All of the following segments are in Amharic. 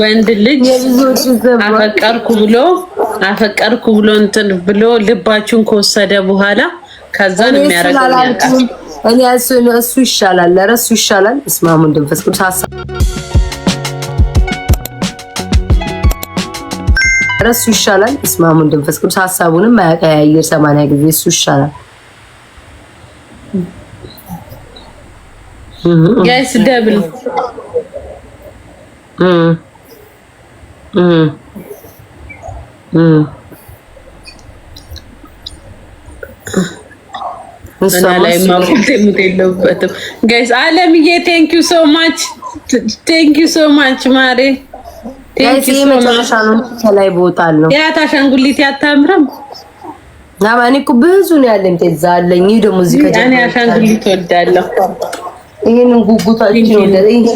ወንድ ልጅ አፈቀርኩ ብሎ አፈቀርኩ ብሎ እንትን ብሎ ልባችሁን ከወሰደ በኋላ ከዛ ነው የሚያደርገው። እኔ እሱ ይሻላል፣ ኧረ እሱ ይሻላል። እስማሙ እንደምፈስ ቅዱስ ሀሳብ ኧረ እሱ ይሻላል። እስማሙ እንደምፈስ ቅዱስ ሀሳቡንም አያቀያይር ሰማንያ ጊዜ እሱ ይሻላል። ጋይስ ደብል Mm. Mm. Mm. እና ላይ ማቁት የለበትም። ጋይስ አለምዬ ቴንክ ዩ ሶ ማች ቴንክ ዩ ሶ ማች ማሬ ከላይ ቦታ አለው ያታ አሻንጉሊት ያታምረም ናማ እኔ እኮ ብዙ ነው ያለኝ ከዛ አለኝ። ይሄ ደግሞ እዚህ ከጀመረ እኔ አሻንጉሊት ወዳለሁ። ይሄንን ጉጉታችን ወደ ይሄ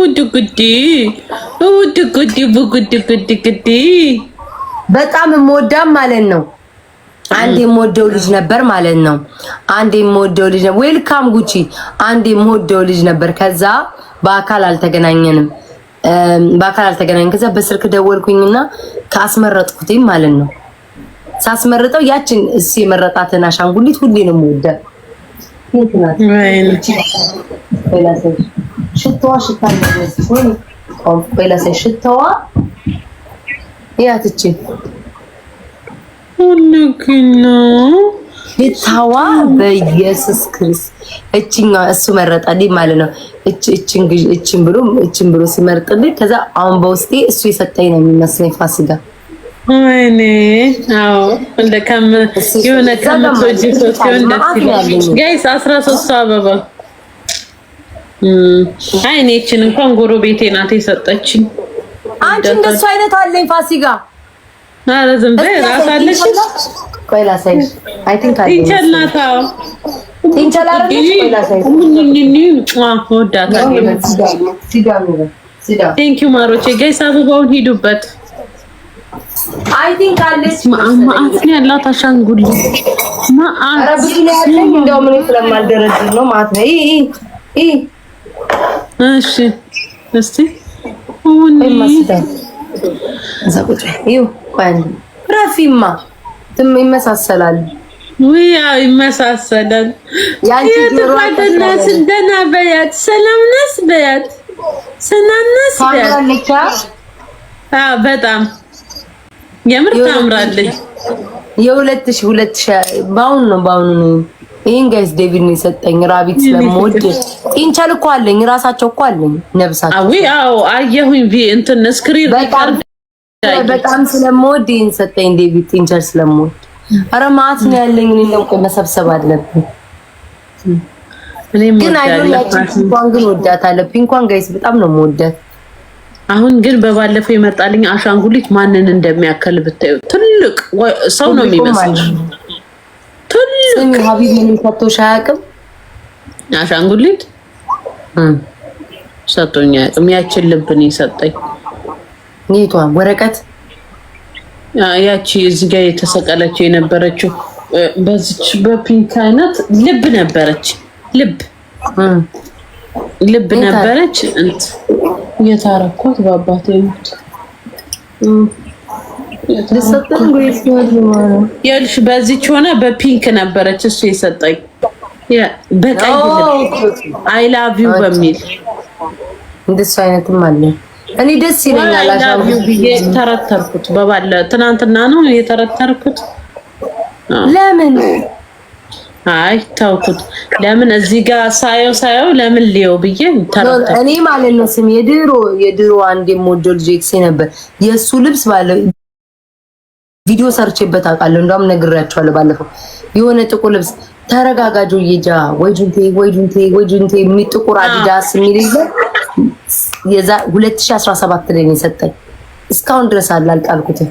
ውድ ጉዲ ውድ ጉዲ ውድ ጉዲ ጉዲ በጣም የምወዳም ማለት ነው። አንድ የምወደው ልጅ ነበር ማለት ነው። አንድ የምወደው ልጅ ነበር። ዌልካም ጉቺ። አንድ የምወደው ልጅ ነበር። ከዛ በአካል አልተገናኘንም፣ በአካል አልተገናኘንም። ከዛ በስልክ ደወልኩኝና ካስመረጥኩትኝ ማለት ነው። ሳስመርጠው ያችን እሱ የመረጣትን አሻንጉሊት ሁሌ ነው የምወደው ሽታዋ ሽታ ወይ ቆይ ለሴ ሽታዋ ያትቺ ወንክና ሽታዋ በኢየሱስ ክርስቶስ እቺኛ እሱ መረጣልኝ ማለት ነው። እቺ እቺን እቺን ብሎ እቺን ብሎ ሲመርጥልኝ ከዛ አሁን በውስጤ እሱ የሰጠኝ ነው የሚመስለኝ ፋሲካ ወይኔ አዎ እንደ ከም የሆነ ከምትወጂው ሰው ሲሆን ደስ ይላል። ጋይስ አስራ ሦስቱ አበባ አይ እኔ ይህችን እንኳን ቤቴ ናት የሰጠችኝ። አንቺ እንደሱ አይነት አለኝ ፋሲካ። ኧረ ዝም በይ እራስ አለሽ። ቆይ ላሳይሽ። አይ ቲንክ አለኝ ቲንቸል ዩ ማሮቼ። ጋይስ አበባውን ሂዱበት። አይ ቲንክ አለች። መዓት ነው ያላት አሻንጉሊት መዓት። ነው ያለኝ። እንደውም እኔ ስለማልደረድር ነው ማለት ነው። ይሄ ይሄ እሺ እስቲ ረፊማ ይመሳሰላል ውይ ይመሳሰላል። የትራደናስ ደህና በያት፣ ሰላም ነስ በያት፣ ሰላም ነስ በያት። በጣም የምር ታምራለች። የሁለት ሺህ ሁለት ሺህ በአሁኑ ነው በአሁኑ ነው ይህን ጋይስ ዴቪድ ነው የሰጠኝ። ራቢት ስለምወድ ጢንቸል እኮ አለኝ፣ ራሳቸው እኮ አለኝ ነብሳቸው። አዊ አዎ፣ አየሁኝ። ቪ እንትን ስክሪን በጣም ስለምወድ ይህን ሰጠኝ ዴቪድ፣ ጢንቸል ስለምወድ። አረ ማት ነው ያለኝ። እኔ ነው መሰብሰብ አለብኝ። ግን አይዶላችን ፒንኳን ግን ወዳታለሁ። ፒንኳን ጋይስ በጣም ነው የምወዳት። አሁን ግን በባለፈው የመጣልኝ አሻንጉሊት ማንን እንደሚያከል ብታዩ ትልቅ ሰው ነው የሚመስል ትልቅ ሀቢብ ምንም ሰጥቶሽ አያውቅም። አሻንጉሊት ሰጥቶኝ አያውቅም። ያችን ልብ ነው የሰጠኝ። የቷ ወረቀት? ያቺ እዚህ ጋር የተሰቀለችው የነበረችው በዚች በፒንክ አይነት ልብ ነበረች። ልብ ልብ ነበረች። እንትን የታረኳት በአባቴ ሞት ይኸውልሽ በዚች ሆነ በፒንክ ነበረች እሱ የሰጠኝ በቀይ አይ ላቭ ዩ በሚል እንደሱ አይነትም አለ። እኔ ደስ ይለኛል። አይ ላቭ ዩ ብዬ ተረተርኩት በባለ ትናንትና ነው የተረተርኩት። ለምን አይ ተውኩት። ለምን እዚህ ጋር ሳየው ሳየው ለምን ሊየው ብዬ ተረተርኩት። እኔ ማለት ነው ስም የድሮ የድሮ አንድ የምወደው ልጅ ነበር የእሱ ልብስ ባለው ቪዲዮ ሰርቼበት አውቃለሁ። እንዳውም ነግሬያቸዋለሁ ባለፈው የሆነ ጥቁር ልብስ ተረጋጋጁ እየጃ ወይ ጁንቴ ወይ ጁንቴ ወይ ጁንቴ የሚጥቁር አዲዳስ የሚል የዛ 2017 ላይ ነው የሰጠኝ። እስካሁን ድረስ አለ አልጣልኩትም።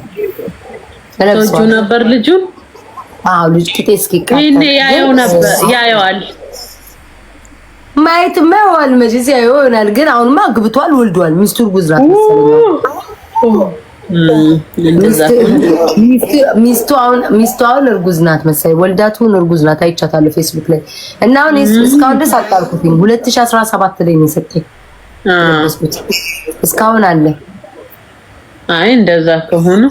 ረብሶ ነበር ልጁ። አዎ ልጅ ቂጤ እስኪቃጠል ያየው ነበር ያየዋል። ማየት ማየዋል መቼስ ያየው ይሆናል። ግን አሁንማ ግብቷል፣ ወልዷል። ሚስቱ እርጉዝ ናት መሰለኝ ሚስቱ አሁን እርጉዝ ናት መሰለኝ፣ ወልዳቱን እርጉዝ ናት አይቻታለሁ ፌስቡክ ላይ እና አሁን እስካሁን ድረስ አጣርኩትኝ። 2017 ላይ ነው የሰጠኝ እስካሁን አለ። አይ እንደዛ ከሆነ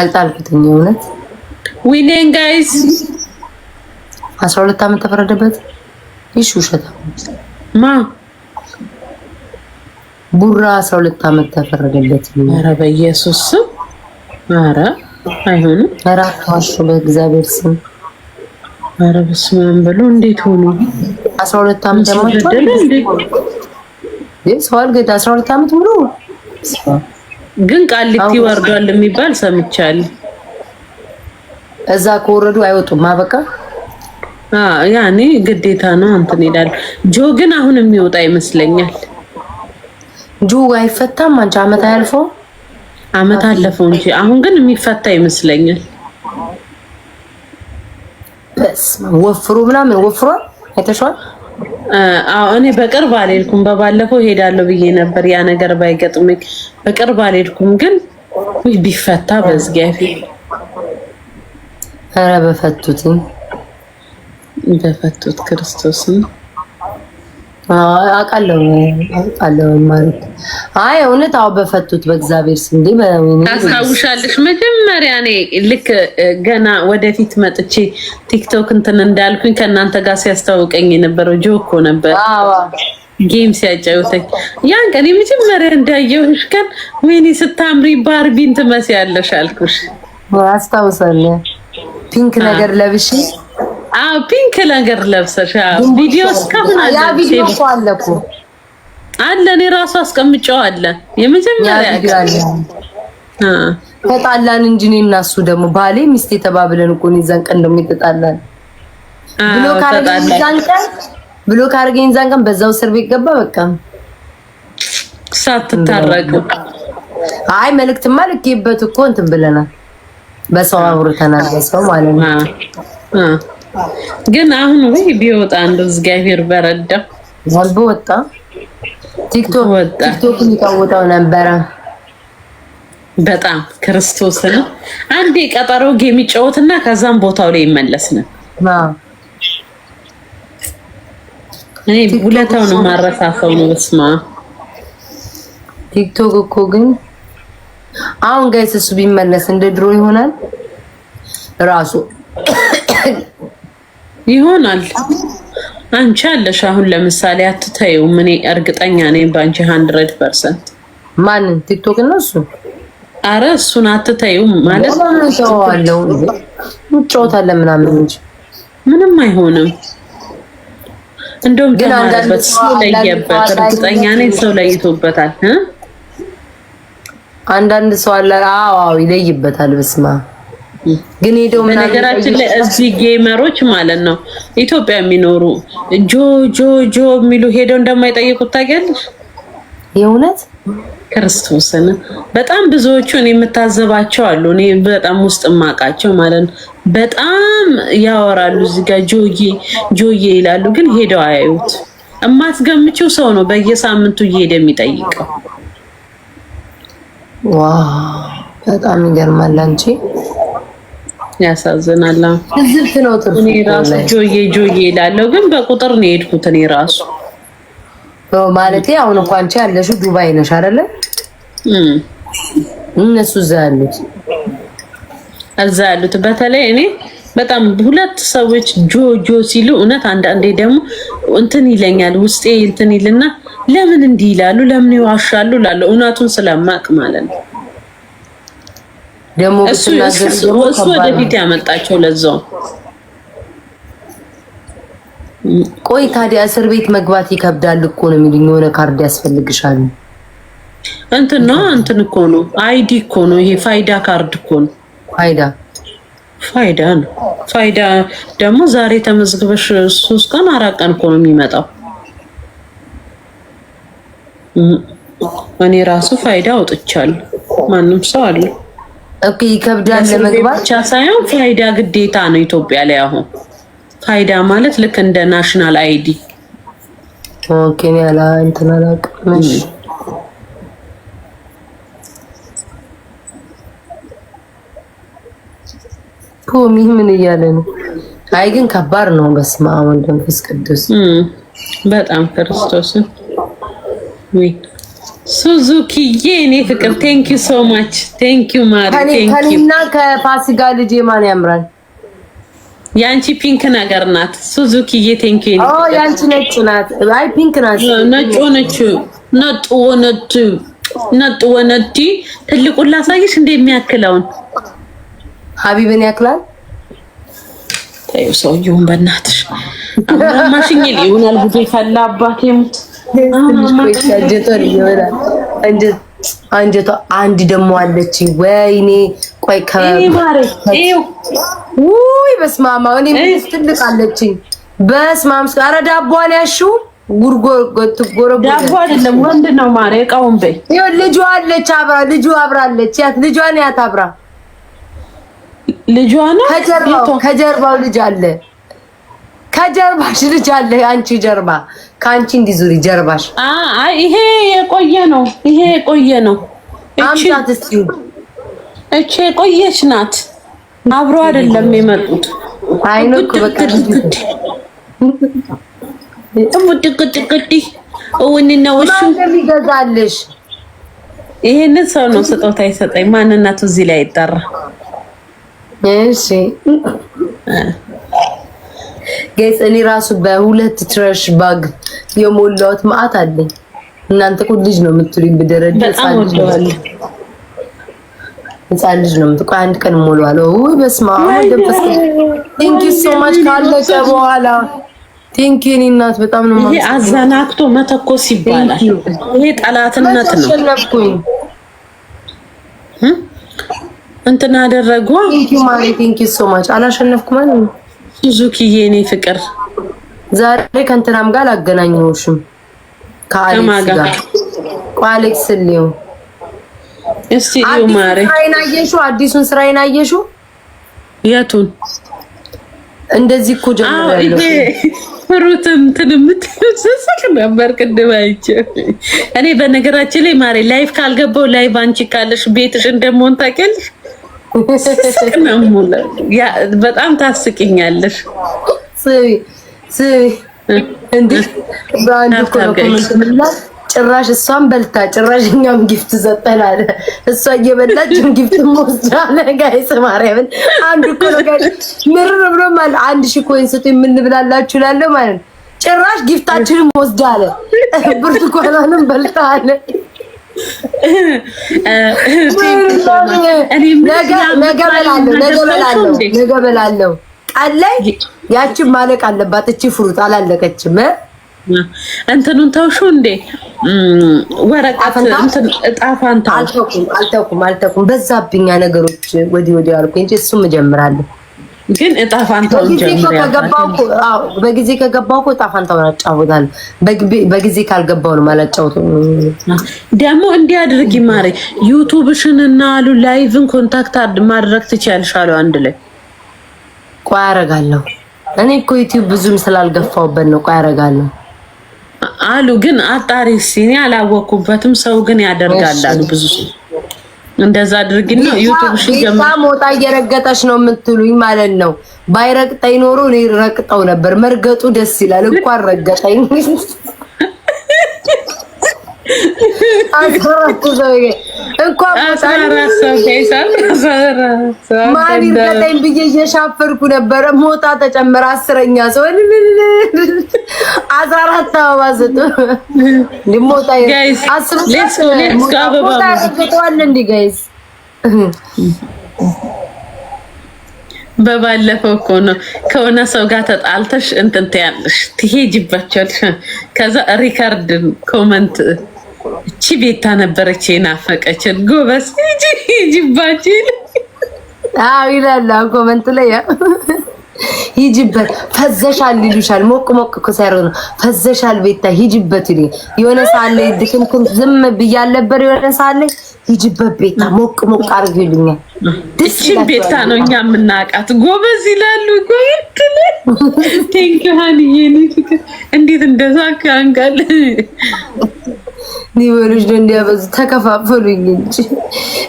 አልጣልኩትኝ። እውነት ዊኔን ጋይስ 12 ዓመት ተፈረደበት። ይሽ ውሸታ ማ ቡራ አስራ ሁለት ዓመት ተፈረደበት። ኧረ በኢየሱስ ስም ኧረ አይሆንም። ኧረ አትዋሹ በእግዚአብሔር ስም። ኧረ በስመ አብ ብሎ እንዴት ሆኖ አስራ ሁለት ዓመት ያማቸዋል። ሰው አልገዳ አስራ ሁለት ዓመት ሙሉ ግን ቃሊቲ ወርዷል የሚባል ሰምቻለሁ። እዛ ከወረዱ አይወጡም። አበቃ ያኔ ግዴታ ነው እንትን ይላሉ። ጆ ግን አሁን የሚወጣ ይመስለኛል ጁግ አይፈታም። አንቺ አመት አያልፈው አመት አለፈው እንጂ አሁን ግን የሚፈታ ይመስለኛል። ወፍሩ ምናምን ወፍሯል፣ አይተሽዋል? አዎ እኔ በቅርብ አልሄድኩም። በባለፈው ሄዳለሁ ብዬ ነበር ያ ነገር ባይገጥምኝ። በቅርብ አልሄድኩም ግን ውይ ቢፈታ በዝጊያ ፊ ኧረ በፈቱት በፈቱት ክርስቶስን አውቃለሁ አውቃለሁ ማለት አይ እውነት አዎ በፈቱት በእግዚአብሔር ስም እንዴ ታስታውሻለሽ መጀመሪያ እኔ ልክ ገና ወደፊት መጥቼ ቲክቶክ እንትን እንዳልኩኝ ከእናንተ ጋር ሲያስተዋውቀኝ የነበረው ጆኮ ነበር ጌም ሲያጫውተኝ ያን ቀን የመጀመሪያ እንዳየሁሽ ቀን ወይኔ ስታምሪ ባርቢን ትመስያለሽ አልኩሽ አስታውሳለሁ ፒንክ ነገር ለብሼ ፒንክ ነገር ለብሰሽ ቪዲዮ እስካሁን አለ ቪዲዮ አለ እኔ ራሱ አስቀምጫው አለ የመጀመሪያ ተጣላን እንጂ እኔ እና እሱ ደግሞ ባሌ ሚስቴ ተባብለን እኮ ነው የዛን ቀን እንደውም የተጣላን ብሎ ካረገኝ ዛን ቀን ብሎ ካረገኝ ዛን ቀን በዛው እስር ቤት ገባ። በቃ ሳትታረቁ አይ መልእክትማ ልኬበት እኮ እንትን ብለናል። በሰው አውርተናል። በሰው ማለት ነው ግን አሁን ወይ ቢወጣ እንደው እግዚአብሔር በረዳው። ወልቦ ወጣ፣ ቲክቶክ ወጣ፣ ቲክቶክ ይታወጣው ነበረ በጣም ክርስቶስ ነው። አንዴ ቀጠሮ ጌም ይጫወትና ከዛም ቦታው ላይ ይመለስ ነው። እኔ ውለታው ነው ማረሳፈው ነው። በስማ ቲክቶክ እኮ ግን አሁን ጋይስ እሱ ቢመለስ እንደ ድሮ ይሆናል ራሱ ይሆናል። አንቺ አለሽ አሁን ለምሳሌ አትታዩም። እኔ እርግጠኛ ነኝ በአንቺ ሀንድረድ ፐርሰንት። ማንን ቲክቶክ ነው እሱ? አረ እሱን አትታዩም ማለት ነው። እንጫወታለን ምናምን እንጂ ምንም አይሆንም። እንደውም ተማረበት። ሰው ለየበት፣ እርግጠኛ ነኝ ሰው ለይቶበታል። አንዳንድ ሰው አለ። አዎ አዎ ይለይበታል። በስማ ግን ሄደው በነገራችን ላይ እዚህ ጌመሮች ማለት ነው ኢትዮጵያ የሚኖሩ ጆ ጆ ጆ የሚሉ ሄደው እንደማይጠይቁት ታውቂያለሽ። የእውነት ክርስቶስን በጣም ብዙዎቹ እኔ የምታዘባቸው አሉ። እኔ በጣም ውስጥ ማቃቸው ማለት ነው። በጣም ያወራሉ እዚህ ጋር ጆዬ ጆዬ ይላሉ፣ ግን ሄደው አያዩት። እማትገምችው ሰው ነው በየሳምንቱ እየሄደ የሚጠይቀው። ዋ በጣም ይገርማል አንቺ ያሳዝናል። ህዝብት ነው እኔ ራሱ ጆዬ ጆዬ እላለሁ፣ ግን በቁጥር ነው የሄድኩት እኔ ራሱ አሁን አንቺ ያለሽው ዱባይ ነሽ አይደለ? እነሱ እዛ ያሉት እዛ ያሉት በተለይ እኔ በጣም ሁለት ሰዎች ጆጆ ሲሉ እውነት አንዳንዴ ደግሞ እንትን ይለኛል ውስጤ እንትን ይልና ለምን እንዲህ ይላሉ ለምን ይዋሻሉ እላለሁ እውነቱን ስለማቅ ማለት ነው። ደግሞ እሱ ወደፊት ያመጣቸው ለዛው ቆይ ታዲያ እስር ቤት መግባት ይከብዳል እኮ ነው የሚሉኝ። የሆነ ካርድ ያስፈልግሻል እንትን ነው እንትን እኮ ነው አይዲ እኮ ነው ይሄ ፋይዳ ካርድ እኮ ነው ፋይዳ ፋይዳ ነው ፋይዳ ደግሞ ዛሬ ተመዝግበሽ ሶስት ቀን አራት ቀን እኮ ነው የሚመጣው። እኔ ራሱ ፋይዳ አውጥቻለሁ። ማንም ሰው አለው ኦኬ ይከብዳል ለመግባት ብቻ ሳይሆን ፋይዳ ግዴታ ነው ኢትዮጵያ ላይ አሁን ፋይዳ ማለት ልክ እንደ ናሽናል አይዲ ኦኬ ያላ እንትን አላውቅም እሺ ኮሚ ምን እያለ ነው አይ ግን ከባድ ነው በስመ አብ ወወልድ ወመንፈስ ቅዱስ በጣም ክርስቶስን ሱዙኪዬ እኔ ፍቅር ቴንክ ዩ ሶ ማች ቴንክ ዩ ማሪ ቴንክ ከፋሲካ ልጅ ማን ያምራል? ያንቺ ፒንክ ነገር ናት ሱዙኪዬ። ቴንክ ዩ። ኦ ያንቺ ነጭ ናት። አይ ፒንክ ናት። ነጭ ነጭ ነጭ ወነጭ ነጭ ወነጭ። ትልቁን ላሳይሽ እንደሚያክለውን ሀቢብን ያክላል። ተይው ሰውየውን በእናትሽ አማሽኝ ሊሆናል ጉዴ ፈላ አባቴ ሙት አንጀቷ አንድ ደግሞ አለች። ወይኔ ቆይ ውይ በስመ አብ እኔ ትልቅ አለችኝ። በስመ አብ ኧረ ዳቧን ያልሺው ጉርጎጎረዳቦ አይደለም ወንድ ነው ማሬ እቃውን በይ። ልጇ አለች አብራ ልጁ አብራለች። ያት ልጇን ያት አብራ ልጇ ነው ከጀርባው ልጅ አለ። ከጀርባሽ ልጅ አለ። አንቺ ጀርባ ከአንቺ እንዲዙሪ ጀርባሽ። ይሄ የቆየ ነው። ይሄ የቆየ ነው። እቺ የቆየች ናት። አብሮ አይደለም የመጡት። አይኖክ በቃ የሚገዛልሽ ይሄንን ሰው ነው ስጦታ ይሰጠኝ። ማንነቱ እዚህ ላይ ይጠራ። እሺ ገይጽ እኔ ራሱ በሁለት ትረሽ ባግ የሞላሁት መዓት አለኝ። እናንተ እኮ ልጅ ነው የምትሉኝ። ብደረጅ ህፃን ልጅ ነው የምትሉ። አንድ ቀን ሞሏለሁ። ውይ በስመ አብ ደምፈስ ቴንክ ዩ ሶ ማች ካለቀ በኋላ ቲንክ ዩ እኔ እናት በጣም ነው ማለት አዘናግቶ መተኮስ ይባላል። ይሄ ጠላትነት ነው። እንትን አደረጓ። ቲንክ ዩ ማሪ ቲንክ ዩ ሶ ማች አላሸነፍኩም ማለት ነው ዙኪዬ የኔ ፍቅር ዛሬ ከእንትናም ጋር አላገናኘሁሽም። ከአሌክስ ጋር እስቲ እዩ ማሬ፣ አይናየሹ አዲሱን ስራ አይናየሹ የቱን? እንደዚህ እኮ ጀምራለሁ። ፍሩትም ትንምት ስስቅ ነበር ቅድም አይቼ። እኔ በነገራችን ላይ ማሬ ላይፍ ካልገባው ላይፍ አንቺ ካለሽ ቤትሽ እንደምሆን ታውቂያለሽ በጣም ታስቅኛለሽ። እንዲህ በአንድ እኮ ነው ጭራሽ እሷን በልታ ጭራሽ እኛም ጊፍት ዘጠናለ እሷ እየበላችን ጊፍት ሞስዳለ ጋይስ ማርያምን አንድ እኮ ነው ጋር ምርር ብሎ ማለት አንድ ሺ ኮይን ስጡ የምንብላላችሁ እላለሁ ማለት ጭራሽ ጊፍታችንን ወስዳለ በልታ አለ ነገ በላለሁ። ቃል ላይ ያችን ማለቅ አለባት። እቺ ፍሩት አላለቀችም። እንትኑን ተውሹ እንዴ ወረቀት እጣፋን አልተኩም አልተኩም አልተኩም። በዛብኛ ነገሮች ወዲህ ወዲህ አልኩኝ እንጂ እሱም እጀምራለሁ ግን እጣ ፋንታውን በጊዜ ከገባው እኮ እጣ አጫውታል። በጊዜ ካልገባው ነው ማላጫውት። ደግሞ እንዲህ አድርጊ ማሪ፣ ዩቱብሽን እና አሉ ላይቭን ኮንታክት ማድረግ ትችያለሽ አሉ አንድ ላይ። ቆይ አደርጋለሁ። እኔ እኮ ዩቲዩብ ብዙም ስላልገፋውበት ነው። ቆይ አደርጋለሁ አሉ ግን አጣሪ ሲኔ አላወቅኩበትም። ሰው ግን ያደርጋል አሉ ብዙ እንደዛ አድርግና ዩቲዩብ ሺ ጀምር። ሞጣ እየረገጠች ነው የምትሉኝ ማለት ነው። ባይረግጠኝ ኖሮ እኔ ረግጠው ነበር። መርገጡ ደስ ይላል። እንኳን ረገጠኝ ማን ብዬ እየሻፈርኩ ነበረ። ሞጣ ተጨመረ አስረኛ ሰው አስራ አራት አበባ ስጡ። በባለፈው እኮ ነው ከሆነ ሰው ጋር ተጣልተሽ እንትን ትያለሽ ትሄጂባቸዋለሽ ከዛ ሪከርድን ኮመንት እቺ ቤታ ነበረች የናፈቀችን። ጎበስ ሂጂባችን ይላሉ ኮመንት ላይ ሂጅበት ፈዘሻል ይሉሻል። ሞቅ ሞቅ ከሰሩ ነው ፈዘሻል ቤታ ሂጅበት ይሉ የሆነ ሳለ ድክምክም ዝም ብያለበር የሆነ ሳለ ሂጅበት ቤታ ሞቅ ሞቅ አርግ ይሉኛል። እሺ ቤታ ነው እኛ የምናውቃት ጎበዝ ይላሉ። ጎይትለ ቴንክ ዩ ሃኒ የኔ ፍቅር እንዴት እንደዛ ካንጋል ኒበሎች ነው እንዲያበዙ ተከፋፈሉኝ እንጂ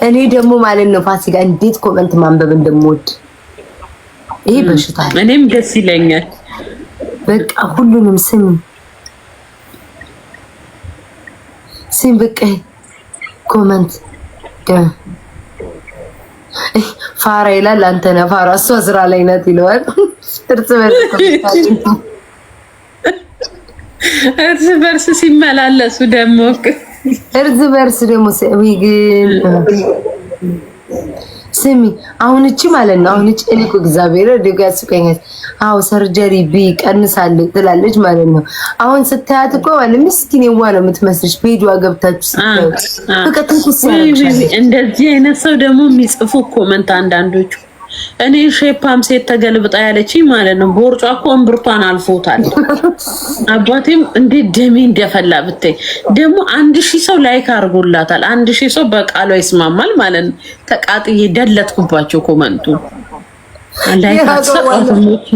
እኔ ደግሞ ማለት ነው ፋሲካ እንዴት ኮመንት ማንበብ እንደምወድ ይሄ በሽታ እኔም ደስ ይለኛል። በቃ ሁሉንም ስም ስም በቃ ኮመንት ደ ፋራ ይላል። አንተ ነህ ፋራ፣ እሷ ስራ ላይ ናት ይለዋል እርስ በርስ እርስ በርስ ሲመላለሱ ደግሞ እርስ በርስ ደግሞ ግን ስሚ አሁን እቺ ማለት ነው። አሁን እቺ እኔ እኮ እግዚአብሔር ደግ ያስቀኛል። አዎ ሰርጀሪ ቢ ቀንሳል ትላለች ማለት ነው። አሁን ስታያት እኮ ማለት ምስኪን የዋ ነው የምትመስልሽ። ቤጇ ገብታችሁ ስታዩ በቃ ትንኩስ እንደዚህ አይነት ሰው ደግሞ የሚጽፉ ኮመንት አንዳንዶቹ እኔ ሼፓም ሴት ተገልብጣ ያለች ማለት ነው። ቦርጫ እኮ እምብርቷን አልፎታል። አባቴም እንዴት ደሜ እንደፈላ ብታይ ደግሞ አንድ ሺህ ሰው ላይክ አድርጎላታል። አንድ ሺህ ሰው በቃሏ ይስማማል ማለት ነው። ተቃጥዬ ደለትኩባቸው ኮመንቱ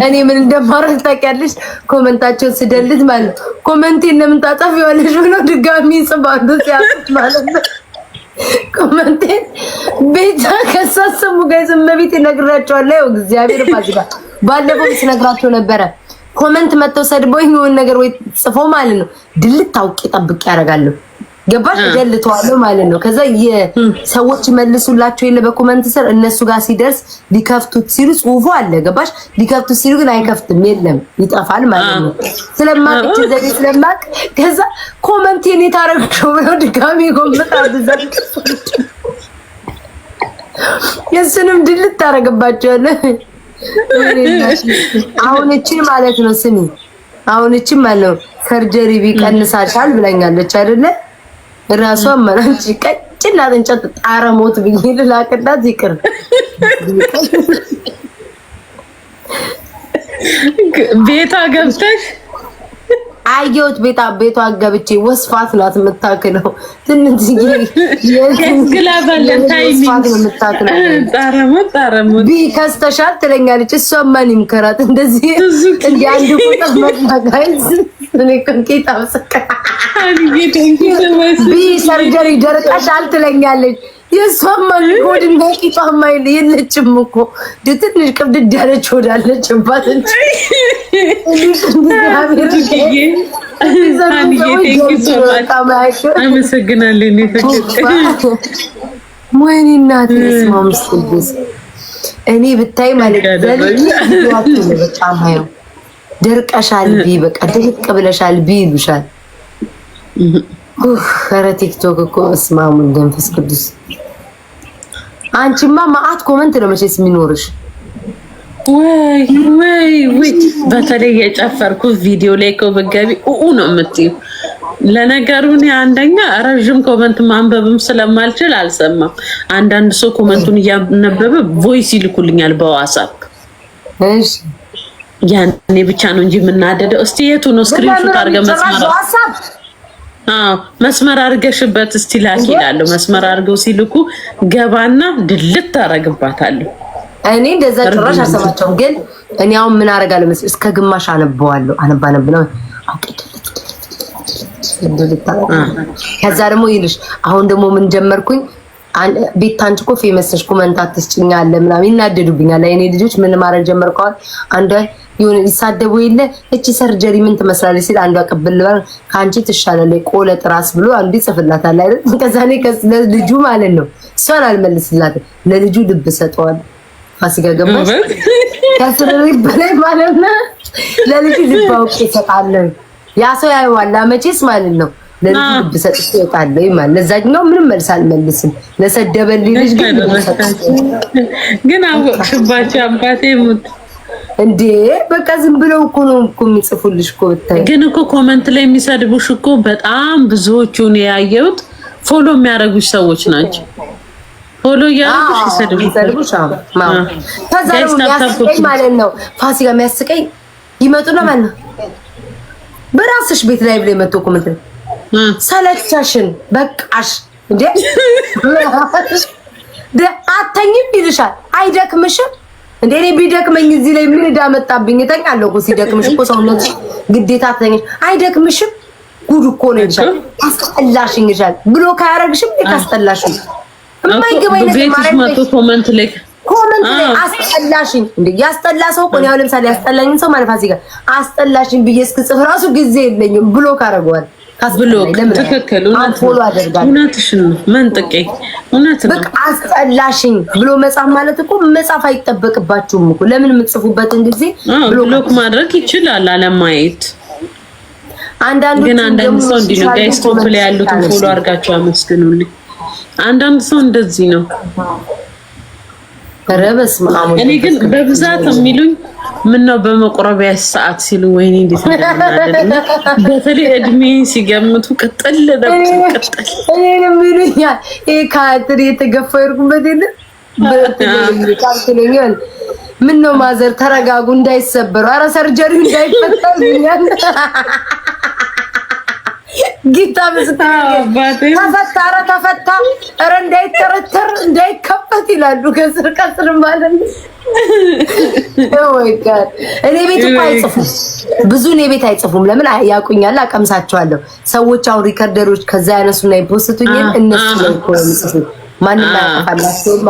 እኔ ምን እንደማረግ ታውቂያለሽ? ኮመንታቸውን ስደልት ማለት ኮመንቴን ለምን ታጠፊዋለሽ ብለው ድጋሚ ጽባሉ ሲያጡት ማለት ነው ኮመንቴን ቤታ ከሳሰሙ ጋር ዝም ቤት እነግራቸዋለሁ። እግዚአብሔር ባዝጋ ባለፈው ስነግራቸው ነበረ። ኮመንት መተው ሰድቦኝ የሆነ ነገር ወይ ጽፎ ማለት ነው ድልት አውቄ ጠብቄ ያደርጋለሁ ገባሽ? እገልተዋለሁ ማለት ነው። ከዛ የሰዎች መልሱላቸው የለ በኮመንት ስር እነሱ ጋር ሲደርስ ሊከፍቱት ሲሉ ጽሁፉ አለ። ገባሽ? ሊከፍቱት ሲሉ ግን አይከፍትም፣ የለም ይጠፋል ማለት ነው። ስለማቅች ዘዴ ስለማቅ ከዛ ኮመንት የኔ ታረግቸው ብለው ድጋሚ ጎምጣ የእሱንም ድል ታረግባቸዋለህ። አሁን እቺ ማለት ነው ስሚ አሁን እቺ ማለት ነው ሰርጀሪ ቢቀንሳሻል ብለኛለች አይደለ? ራሷ መራንቺ ቀጭን ናት እንጨት ጣረ ሞት ብዬ ልላክላት ይቅር ቤቷ ገብተሽ አየሁት። ቤታ ቤቷ ገብቼ ወስፋት ናት የምታክለው። ትንሽ እንደዚህ ቁጥር መጣ ጋይዝ ሰርጀሪ ደርቀሻል ትለኛለች። የሷማ ጎድን በቂጧ የለችም እኮ ትንሽ ቅብድድ ያለች እንጂ ወይኔ እናቴ ስማ እኔ ብታይ ማለት በጣም ደርቀሻል ቢ በቃ ድርቅ ብለሻል ቢ ይሉሻል። ኧረ ቲክቶክ እኮ እስማሙ መንፈስ ቅዱስ። አንቺማ ማአት ኮመንት ነው መቼስ የሚኖርሽ። ወይ ወይ በተለይ የጨፈርኩ ቪዲዮ ላይ እኮ በገቢ ኡኡ ነው የምትይው። ለነገሩ እኔ አንደኛ ረዥም ኮመንት ማንበብም ስለማልችል አልሰማም። አንዳንድ ሰው ኮመንቱን እያነበበ ቮይስ ይልኩልኛል በዋትስአፕ። እሺ ያኔ ብቻ ነው እንጂ የምናደደው። እስቲ የቱ ነው ስክሪንሹት አድርገህ መስመር አዎ መስመር አድርገሽበት እስቲ ላኪ እላለሁ። መስመር አድርገው ሲልኩ ገባና ድልት ታረግባታለሁ። እኔ እንደዛ ጭራሽ አሰባቸውም። ግን እኔ አሁን ምን አደርጋለሁ መሰለኝ እስከ ግማሽ አነበዋለሁ። አነባነብ ነው ከዛ ደግሞ ይልሽ አሁን ደግሞ ምን ጀመርኩኝ ቤት አንቺ እኮ ፌመስ ነሽ ኮመንት አትስጭኝ አለ ምናምን ይናደዱብኛል። እኔ ልጆች ምን ማድረግ ጀመርከዋል። አንዷ ይሁን ይሳደቡ የለ እቺ ሰርጀሪ ምን ትመስላለች ሲል አንዷ ቅብል ከአንቺ ትሻላለች ቆለ ጥራስ ብሎ አንዱ ይጽፍላታል አይደል? ከዛ እኔ ለልጁ ማለት ነው እሷን አልመልስላትም። ለልጁ ልብ ሰጠዋል። ፋሲካ ገባች ከስርሪ በላይ ማለት ነው። ለልጁ ልብ አውቄ ይሰጣለን። ያ ሰው ያየዋል መቼስ ማለት ነው ለዚህ ልብ ሰጥቼ እወጣለሁ ይማል። ለዛኛው ምንም መልስ አልመልስም። ለሰደበልኝ ልጅ ግን አወቅሽባቸው አባቴ ሙት እንዴ በቃ ዝም ብለው እኮ ነው እኮ የሚጽፉልሽ እኮ ብታይ። ግን እኮ ኮመንት ላይ የሚሰድቡሽ እኮ በጣም ብዙዎቹን ያየሁት ፎሎ የሚያደርጉሽ ሰዎች ናቸው። ፎሎ እያደረጉሽ ይሰድቡሽ። ከዛ ነው የሚያስቀኝ ማለት ነው ፋሲካ የሚያስቀኝ ማለት ነው በራስሽ ቤት ላይ የመጡ ኮመንት ሰለቻሽን በቃሽ እንዴ አተኝም ይልሻል። አይደክምሽም እንዴ? እኔ ቢደክመኝ እዚህ ላይ ምን እተኛለሁ እኮ። ሲደክምሽ እኮ ግዴታ አይደክምሽም? ጉድ እኮ ነው ይልሻል። አስጠላሽኝ ይልሻል ብሎ ካያረግሽም ካስጠላሽኝ ነገር ማለት ኮመንት ላይ ኮመንት ላይ አስጠላሽኝ እንዴ ያስጠላ ሰው እኮ ነው። ለምሳሌ ሰው ማለት ፋሲካ አስጠላሽኝ ብዬ እስክጽፍ ራሱ ጊዜ የለኝም ብሎ ካረገዋል አስብሎክ ትክክል። አንፎሎ አደርጋለሁ። እውነትሽን ነው መንጥቄ፣ እውነት ነው። በቃ አስጠላሽኝ ብሎ መጻፍ ማለት እኮ መጻፍ አይጠበቅባችሁም እኮ ለምን የምትጽፉበትን ጊዜ ብሎክ ማድረግ ይችላል አለማየት። አንዳንዱ ግን አንዳንድ ሰው እንዲህ ነው። ጋይስ ቶፕ ላይ ያሉትን ፎሎ አድርጋችሁ አመስግኑልኝ። አንዳንድ ሰው እንደዚህ ነው። ረበስ ማሙ እኔ ግን በብዛት የሚሉኝ ምን ነው በመቁረቢያ ሰዓት ሲሉ ወይኔ እንዴት እንደምናደድ። በተለይ እድሜ ሲገምቱ ቅጥል ለደቁ ቅጥል እኔንም ይሉኛል። ይሄ ካትሪ የተገፋ ይርኩበት የለ ቃልትለኛል። ምን ነው ማዘር ተረጋጉ፣ እንዳይሰበሩ፣ አረ ሰርጀሪ እንዳይፈታል ይላል። ጌታ ምስክር ተፈታ፣ አረ ተፈታ፣ አረ እንዳይተረተር እንዳይከፈት ይላሉ። ከስር ቀስር ማለት ነው Oh እኔ ቤት እኮ አይጽፉም፣ ብዙ እኔ ቤት አይጽፉም። ለምን ያውቁኛል፣ አቀምሳቸዋለሁ። ሰዎች አሁን ሪከርደሮች ከዛ ያነሱና ይፖስቱኝ። እነሱ ነው እኮ የሚጽፉት፣ ማንም አያጠፋላቸውማ።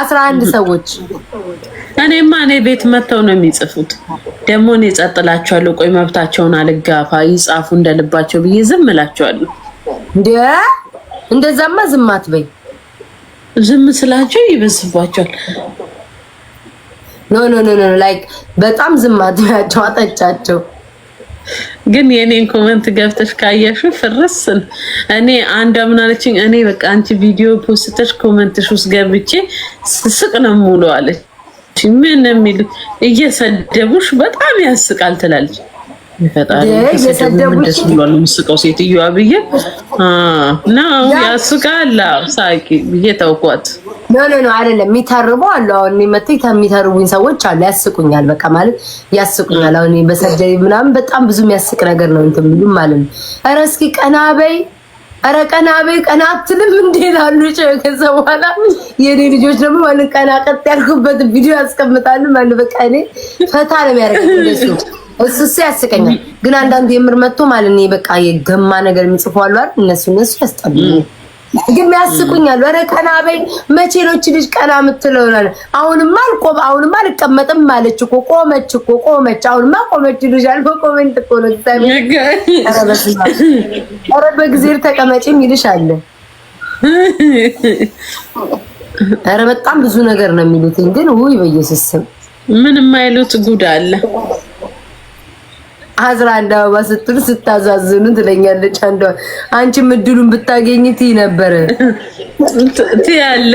አስራ አንድ ሰዎች እኔማ እኔ ቤት መጥተው ነው የሚጽፉት። ደግሞ እኔ ጸጥላቸዋለሁ። ቆይ መብታቸውን አልጋፋ ይጻፉ እንደልባቸው ብዬ ዝም እላቸዋለሁ። እንደዛማ ዝም አትበይ። ዝም ስላቸው ይበስባቸዋል። ኖ ኖ ኖ ኖ ላይክ በጣም ዝም አትበያቸው፣ አጠጫቸው። ግን የኔን ኮመንት ገብተሽ ካየሽ ፍርስ እኔ አንዷ ምን አለችኝ? እኔ በቃ አንቺ ቪዲዮ ፖስተሽ ኮመንትሽ ውስጥ ገብቼ ስስቅ ነው ሙሉ አለች። ምን የሚሉት እየሰደቡሽ በጣም ያስቃል ትላለች። ፈጣሪሰደቡች ብሏል። ምስቀው ሴትዮዋ ብዬ ነው ያስቃላ ሳቂ ብዬ ተውኳት። ኖ ኖ ኖ አይደለም፣ የሚተርቡ አሉ። አሁን እኔ መጥተው የሚተርቡኝ ሰዎች አሉ። ያስቁኛል፣ በቃ ማለት ያስቁኛል። አሁን እኔ በሰርጀሪ ምናምን በጣም ብዙ የሚያስቅ ነገር ነው እንትን የሚሉም ማለት ነው። ኧረ እስኪ ቀና በይ ኧረ ቀና በይ ቀና አትልም እንዴ ላሉ ከዛ በኋላ የኔ ልጆች ደግሞ ማለት ቀና ቀጥ ያልኩበት ቪዲዮ ያስቀምጣሉ ማለት በቃ እኔ ፈታ ነው የሚያደርገው እንደሱ እሱ እሱ ያስቀኛል። ግን አንዳንዱ የምር መጥቶ ማለት ነው በቃ የገማ ነገር የሚጽፉ አሉ አይደል? እነሱ እነሱ ያስጠሉኝ ግን ያስቁኛል። ኧረ ቀና በይ መቼሎች ልጅ ቀና የምትለው አሁንማ አልቆም አሁንማ አልቀመጥም ማለች እኮ ቆመች እኮ ቆመች አሁንማ ቆመች ይልሻል። በኮሜንት እኮ ነው ኧረ በጊዜር ተቀመጪም ይልሻል። ኧረ በጣም ብዙ ነገር ነው የሚሉት። ግን ውይ በየስስም ምንም አይሉት ጉድ አለ። አስራ አንድ አበባ ስትሉ ስታዛዝኑ ትለኛለች አንዷ። አንቺም እድሉን ብታገኝ ትይ ነበር ትያለ